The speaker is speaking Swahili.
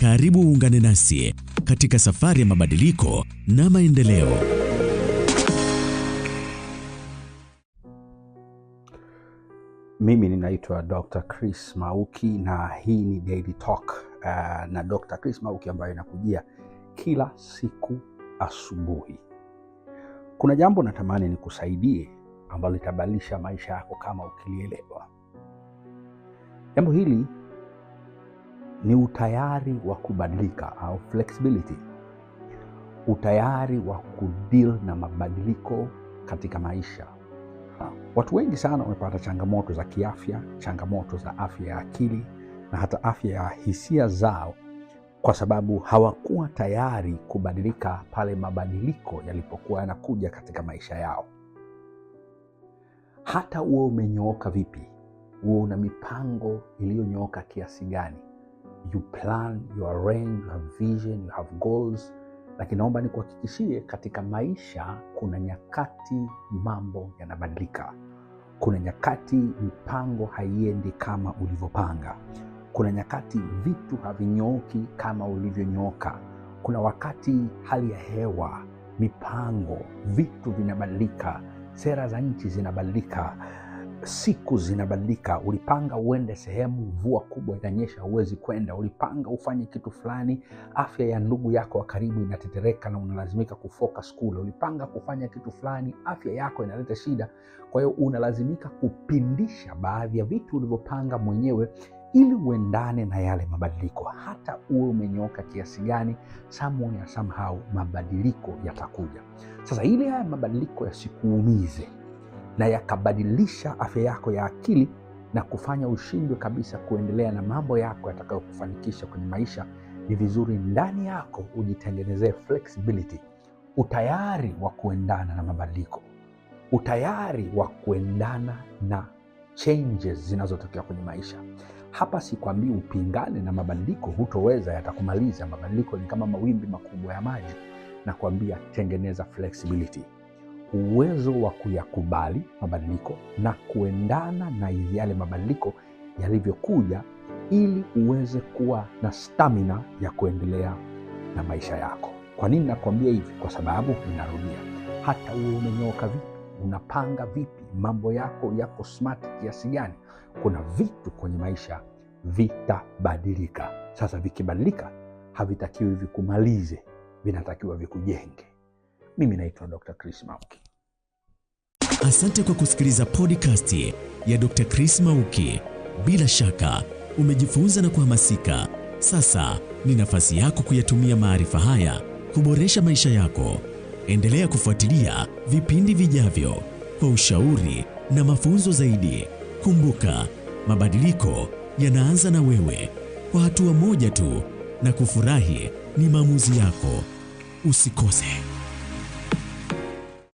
Karibu uungane nasi katika safari ya mabadiliko na maendeleo. Mimi ninaitwa Dr. Chris Mauki na hii ni Daily Talk uh, na Dr. Chris Mauki ambayo inakujia kila siku asubuhi. Kuna jambo natamani nikusaidie ambalo litabadilisha maisha yako kama ukilielewa. Jambo hili ni utayari wa kubadilika au flexibility, utayari wa kudeal na mabadiliko katika maisha. Watu wengi sana wamepata changamoto za kiafya, changamoto za afya ya akili na hata afya ya hisia zao, kwa sababu hawakuwa tayari kubadilika pale mabadiliko yalipokuwa yanakuja katika maisha yao. Hata uwe umenyooka vipi, uwe una mipango iliyonyooka kiasi gani you plan, you arrange, you have vision, you have goals. Lakini naomba nikuhakikishie, katika maisha kuna nyakati mambo yanabadilika. Kuna nyakati mipango haiendi kama ulivyopanga. Kuna nyakati vitu havinyooki kama ulivyonyooka. Kuna wakati hali ya hewa, mipango, vitu vinabadilika, sera za nchi zinabadilika siku zinabadilika. Ulipanga uende sehemu, mvua kubwa inanyesha, huwezi kwenda. Ulipanga ufanye kitu fulani, afya ya ndugu yako wa karibu inatetereka na unalazimika kufoka skule Ulipanga kufanya kitu fulani, afya yako inaleta shida, kwa hiyo unalazimika kupindisha baadhi ya vitu ulivyopanga mwenyewe ili uendane na yale mabadiliko. Hata uwe umenyoka kiasi gani, samhau mabadiliko yatakuja. Sasa ili haya mabadiliko yasikuumize na yakabadilisha afya yako ya akili na kufanya ushindwe kabisa kuendelea na mambo yako yatakayokufanikisha kwenye maisha, ni vizuri ndani yako ujitengenezee flexibility, utayari wa kuendana na mabadiliko, utayari wa kuendana na changes zinazotokea kwenye maisha. Hapa sikwambii upingane na mabadiliko, hutoweza, yatakumaliza. Mabadiliko ni kama mawimbi makubwa ya maji, na kuambia tengeneza flexibility uwezo wa kuyakubali mabadiliko na kuendana na yale mabadiliko yalivyokuja, ili uweze kuwa na stamina ya kuendelea na maisha yako. Kwa nini nakwambia hivi? Kwa sababu ninarudia, hata huwe umenyooka vipi, unapanga vipi, mambo yako yako smart kiasi gani, kuna vitu kwenye maisha vitabadilika. Sasa vikibadilika, havitakiwi vikumalize, vinatakiwa vikujenge. Mimi naitwa Dr. Chris Mauki. Asante kwa kusikiliza podcast ya Dr. Chris Mauki. Bila shaka umejifunza na kuhamasika. Sasa ni nafasi yako kuyatumia maarifa haya kuboresha maisha yako. Endelea kufuatilia vipindi vijavyo kwa ushauri na mafunzo zaidi. Kumbuka, mabadiliko yanaanza na wewe, kwa hatua moja tu, na kufurahi ni maamuzi yako. Usikose.